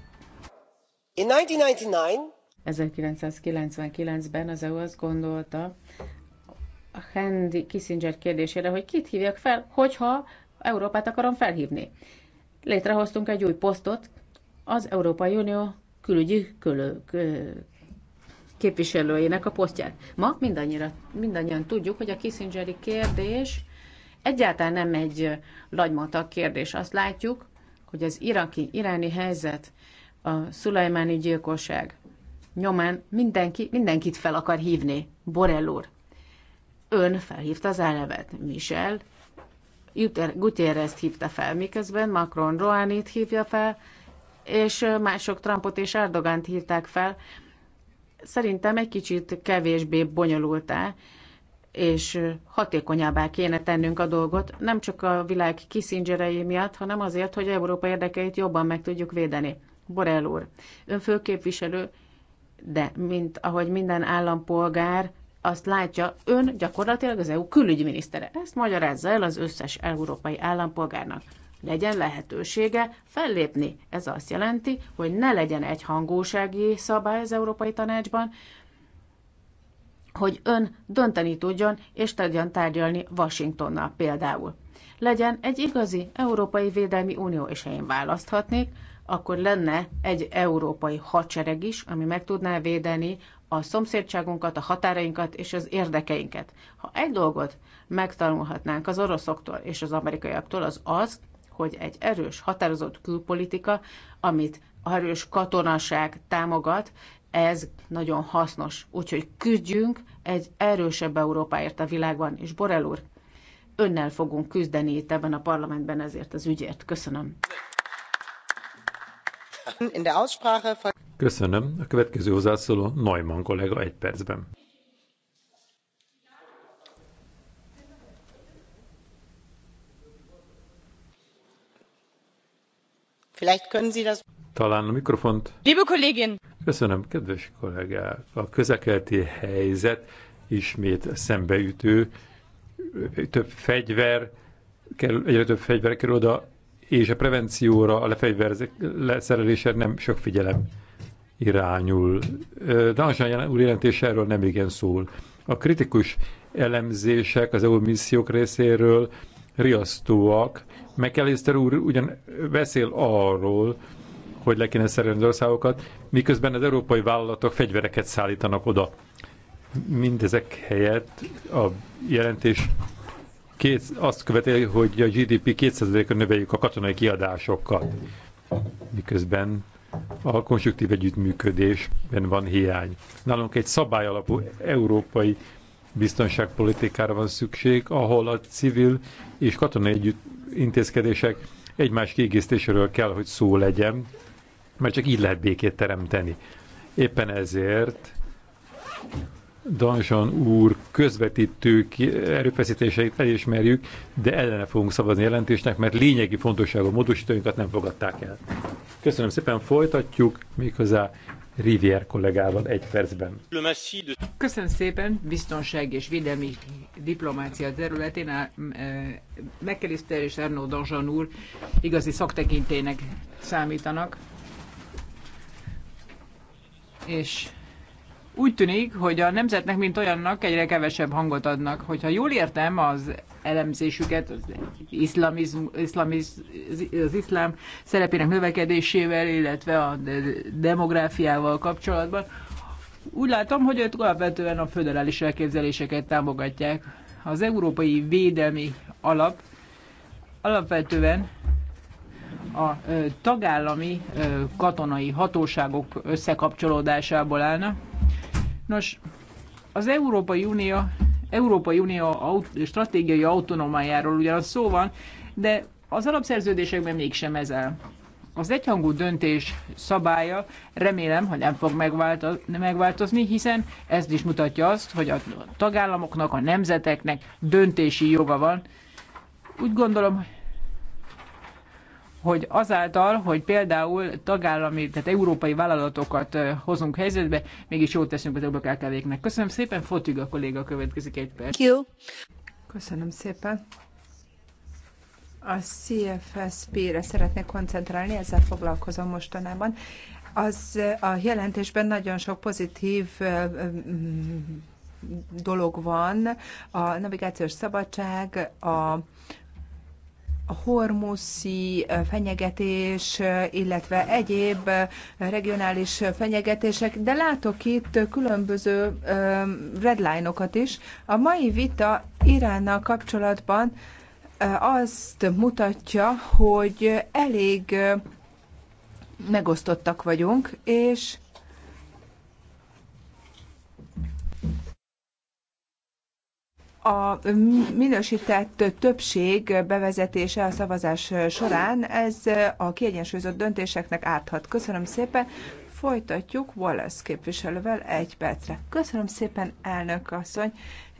1999, 1999-ben az EU azt gondolta, a Henry Kissinger kérdésére, hogy kit hívjak fel, hogyha Európát akarom felhívni. Létrehoztunk egy új posztot, az Európai Unió külügyi külő, képviselőjének a posztját. Ma mindannyira, mindannyian tudjuk, hogy a Kissingeri kérdés egyáltalán nem egy lagymatag kérdés. Azt látjuk, hogy az iraki, iráni helyzet a szulajmáni gyilkosság nyomán mindenki, mindenkit fel akar hívni. Borel úr. Ön felhívta az elnevet. Michel Gutierrezt hívta fel, miközben Macron Roanit hívja fel, és mások Trumpot és Erdogant hívták fel. Szerintem egy kicsit kevésbé bonyolultá, és hatékonyabbá kéne tennünk a dolgot, nem csak a világ kiszingerei miatt, hanem azért, hogy Európa érdekeit jobban meg tudjuk védeni. Borel úr, ön főképviselő, de mint ahogy minden állampolgár azt látja, ön gyakorlatilag az EU külügyminisztere. Ezt magyarázza el az összes európai állampolgárnak. Legyen lehetősége fellépni. Ez azt jelenti, hogy ne legyen egy hangósági szabály az Európai Tanácsban, hogy ön dönteni tudjon és tudjon tárgyalni Washingtonnal például. Legyen egy igazi Európai Védelmi Unió, és én választhatnék, akkor lenne egy európai hadsereg is, ami meg tudná védeni a szomszédságunkat, a határainkat és az érdekeinket. Ha egy dolgot megtanulhatnánk az oroszoktól és az amerikaiaktól, az az, hogy egy erős, határozott külpolitika, amit erős katonaság támogat, ez nagyon hasznos. Úgyhogy küzdjünk egy erősebb Európáért a világban. És Borel úr, önnel fogunk küzdeni itt ebben a parlamentben ezért az ügyért. Köszönöm. Köszönöm. A következő hozzászóló Neumann kollega egy percben. Talán a mikrofont. Liebe Kollégin! Köszönöm, kedves kollégák! A közekelti helyzet ismét szembeütő. Több fegyver, kerül, egyre több fegyver kerül oda és a prevencióra, a lefegyverzés leszerelésre nem sok figyelem irányul. Danzsán úr jelentése erről nem igen szól. A kritikus elemzések az EU missziók részéről riasztóak. McAllister úr ugyan beszél arról, hogy le kéne szerelni az országokat, miközben az európai vállalatok fegyvereket szállítanak oda. Mindezek helyett a jelentés két, azt követeli, hogy a GDP 200 a növeljük a katonai kiadásokat, miközben a konstruktív együttműködésben van hiány. Nálunk egy szabályalapú európai biztonságpolitikára van szükség, ahol a civil és katonai együtt intézkedések egymás kiegészítéséről kell, hogy szó legyen, mert csak így lehet békét teremteni. Éppen ezért Danzsan úr közvetítők erőfeszítéseit elismerjük, de ellene fogunk szavazni jelentésnek, mert lényegi fontosságú módosítóinkat nem fogadták el. Köszönöm szépen, folytatjuk méghozzá Rivier kollégával egy percben. Köszönöm szépen, biztonság és védelmi diplomácia területén e, McAllister és Arnaud Danzsan úr igazi szaktekintének számítanak. És úgy tűnik, hogy a nemzetnek, mint olyannak egyre kevesebb hangot adnak. Hogyha jól értem az elemzésüket, az, iszlamizm, iszlamiz, az iszlám szerepének növekedésével, illetve a demográfiával kapcsolatban, úgy látom, hogy ők alapvetően a föderális elképzeléseket támogatják. Az Európai Védelmi Alap alapvetően a tagállami katonai hatóságok összekapcsolódásából állna. Nos, az Európai Unió, Európai Unió stratégiai autonómájáról ugyanaz szó van, de az alapszerződésekben mégsem ez el. Az egyhangú döntés szabálya remélem, hogy nem fog megváltozni, hiszen ez is mutatja azt, hogy a tagállamoknak, a nemzeteknek döntési joga van. Úgy gondolom, hogy azáltal, hogy például tagállami, tehát európai vállalatokat hozunk helyzetbe, mégis jót teszünk az európai Köszönöm szépen, Fotig a kolléga következik egy perc. Köszönöm, Köszönöm szépen. A CFSP-re szeretnék koncentrálni, ezzel foglalkozom mostanában. Az a jelentésben nagyon sok pozitív dolog van, a navigációs szabadság, a hormuszi fenyegetés, illetve egyéb regionális fenyegetések, de látok itt különböző redline-okat is. A mai vita Iránnal kapcsolatban azt mutatja, hogy elég megosztottak vagyunk, és a minősített többség bevezetése a szavazás során, ez a kiegyensúlyozott döntéseknek árthat. Köszönöm szépen. Folytatjuk Wallace képviselővel egy percre. Köszönöm szépen, elnök asszony.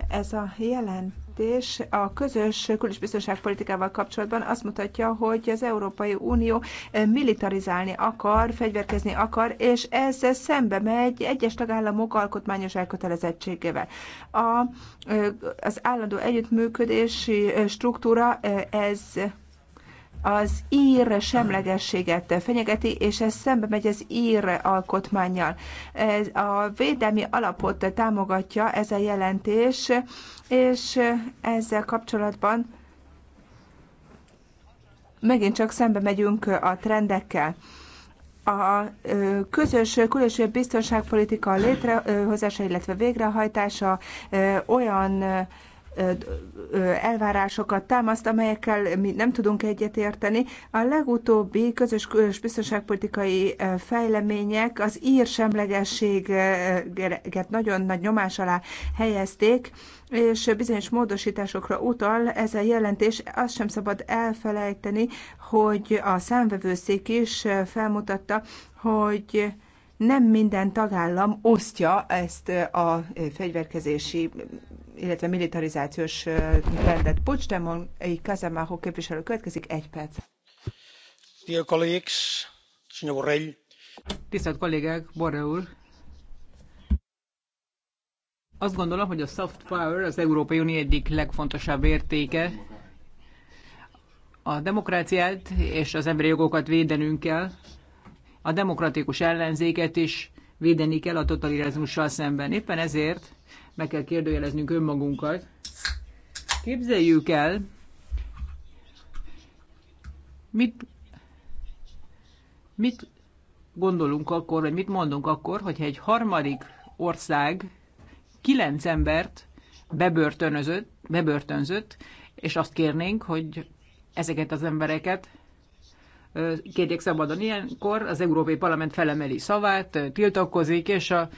Ez a jelent jelentés a közös kül- biztonságpolitikával kapcsolatban azt mutatja, hogy az Európai Unió eh, militarizálni akar, fegyverkezni akar, és ez szembe megy egyes tagállamok alkotmányos elkötelezettségével. A, eh, az állandó együttműködési eh, struktúra ez az ír semlegességet fenyegeti, és ez szembe megy az ír alkotmányjal. Ez a védelmi alapot támogatja ez a jelentés, és ezzel kapcsolatban megint csak szembe megyünk a trendekkel a közös különböző biztonságpolitika létrehozása, illetve végrehajtása olyan elvárásokat támaszt, amelyekkel mi nem tudunk egyetérteni. A legutóbbi közös biztonságpolitikai fejlemények az ír semlegességet nagyon nagy nyomás alá helyezték, és bizonyos módosításokra utal ez a jelentés. Azt sem szabad elfelejteni, hogy a számvevőszék is felmutatta, hogy nem minden tagállam osztja ezt a fegyverkezési illetve militarizációs rendet. Pocsdemon, egy Kazamaho képviselő következik, egy perc. Dear colleagues, Sr. Borrell. Tisztelt kollégák, Borrell úr. Azt gondolom, hogy a soft power az Európai Unió egyik legfontosabb értéke. A demokráciát és az emberi jogokat védenünk kell, a demokratikus ellenzéket is védeni kell a totalitarizmussal szemben. Éppen ezért meg kell kérdőjeleznünk önmagunkat. Képzeljük el, mit, mit gondolunk akkor, vagy mit mondunk akkor, hogyha egy harmadik ország kilenc embert bebörtönözött, bebörtönzött, és azt kérnénk, hogy ezeket az embereket kérjék szabadon. Ilyenkor az Európai Parlament felemeli szavát, tiltakozik, és a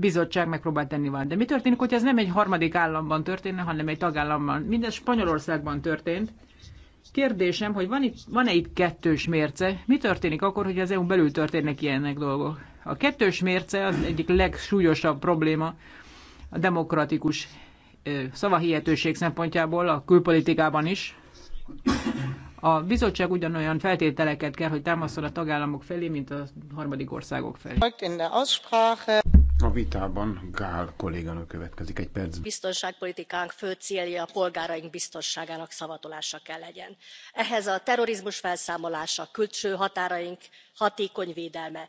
bizottság megpróbál tenni van. De mi történik, hogy ez nem egy harmadik államban történne, hanem egy tagállamban? Minden Spanyolországban történt. Kérdésem, hogy van itt, van-e itt kettős mérce? Mi történik akkor, hogy az EU belül történnek ilyenek dolgok? A kettős mérce az egyik legsúlyosabb probléma a demokratikus szavahihetőség szempontjából, a külpolitikában is. A bizottság ugyanolyan feltételeket kell, hogy támaszol a tagállamok felé, mint a harmadik országok felé. A vitában Gál kolléganő következik egy perc. Biztonságpolitikánk fő célja a polgáraink biztonságának szavatolása kell legyen. Ehhez a terrorizmus felszámolása, külső határaink hatékony védelme,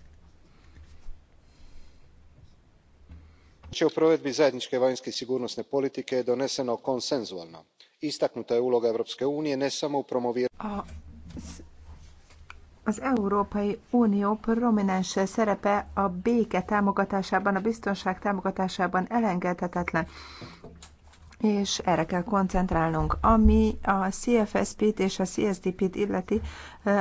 o provedbi zajednike vanjske i sigurnosne politike je doneseno konsenzualno. istaknuta je uloga europske unije ne samo u promoviranju az Európai Unió prominens szerepe a béke támogatásában, a biztonság támogatásában elengedhetetlen és erre kell koncentrálnunk. Ami a CFSP-t és a CSDP-t illeti,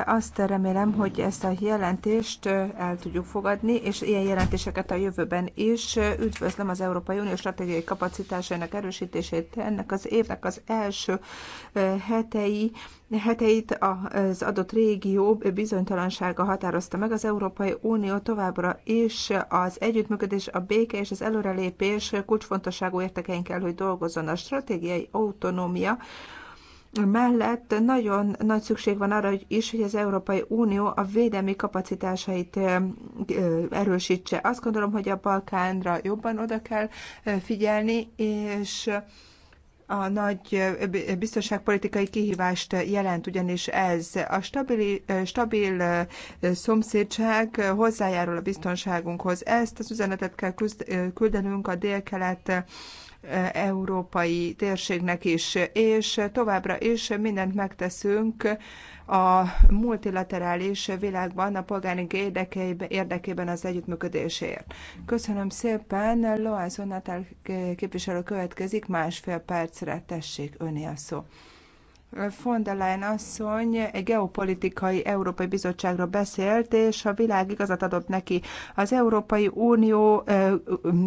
azt remélem, hogy ezt a jelentést el tudjuk fogadni, és ilyen jelentéseket a jövőben is. Üdvözlöm az Európai Unió stratégiai kapacitásainak erősítését. Ennek az évnek az első hetei heteit az adott régió bizonytalansága határozta meg. Az Európai Unió továbbra is az együttműködés, a béke és az előrelépés kulcsfontosságú értekein kell, hogy dolgozzon. A stratégiai autonómia mellett nagyon nagy szükség van arra hogy is, hogy az Európai Unió a védelmi kapacitásait erősítse. Azt gondolom, hogy a Balkánra jobban oda kell figyelni, és a nagy biztonságpolitikai kihívást jelent, ugyanis ez a stabil, stabil szomszédság hozzájárul a biztonságunkhoz. Ezt az üzenetet kell küldenünk a délkelet európai térségnek is, és továbbra is mindent megteszünk a multilaterális világban a polgári érdekében az együttműködésért. Köszönöm szépen, Loász Natál képviselő következik, másfél percre tessék öné a szó von der Leyen asszony egy geopolitikai Európai Bizottságról beszélt, és a világ igazat adott neki. Az Európai Unió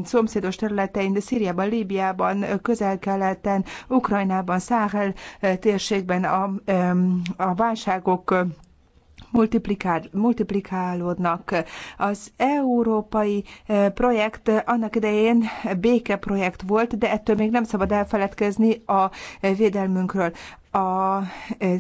szomszédos területein, de Szíriában, Líbiában, közel-keleten, Ukrajnában, Száhel térségben a, a válságok multiplikálódnak. Az európai projekt annak idején békeprojekt volt, de ettől még nem szabad elfeledkezni a védelmünkről a eh,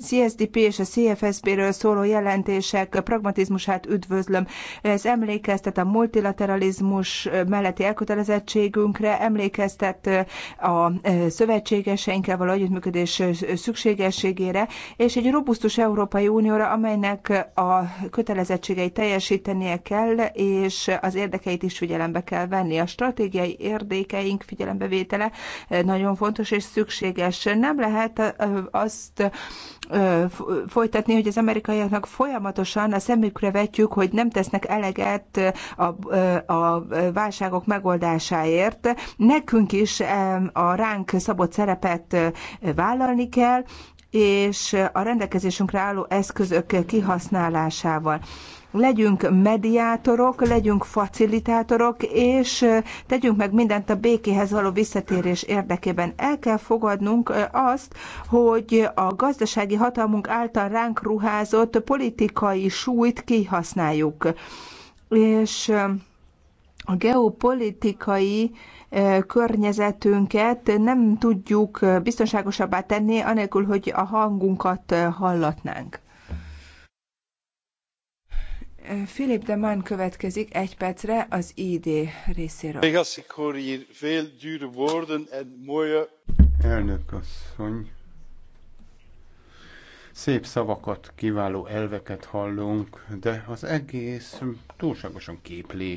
CSDP eh, és a CFSB-ről szóló jelentések pragmatizmusát üdvözlöm. Ez emlékeztet a multilateralizmus melletti elkötelezettségünkre, emlékeztet eh, a szövetségeseinkkel való együttműködés szükségességére, és egy robusztus Európai Unióra, amelynek a kötelezettségeit teljesítenie kell, és az érdekeit is figyelembe kell venni. A stratégiai érdekeink figyelembevétele nagyon fontos és szükséges. Nem lehet azt folytatni, hogy az amerikaiaknak folyamatosan a szemükre vetjük, hogy nem tesznek eleget a, a válságok megoldásáért. Nekünk is a ránk szabott szerepet vállalni kell, és a rendelkezésünkre álló eszközök kihasználásával. Legyünk mediátorok, legyünk facilitátorok, és tegyünk meg mindent a békéhez való visszatérés érdekében. El kell fogadnunk azt, hogy a gazdasági hatalmunk által ránk ruházott politikai súlyt kihasználjuk. És a geopolitikai környezetünket nem tudjuk biztonságosabbá tenni, anélkül, hogy a hangunkat hallatnánk. Philip de Man következik egy percre az ID részéről. Collega's, ik hogy hier veel dure woorden en mooie... Elnök asszony, szép szavakat, kiváló elveket hallunk, de az egész túlságosan képli.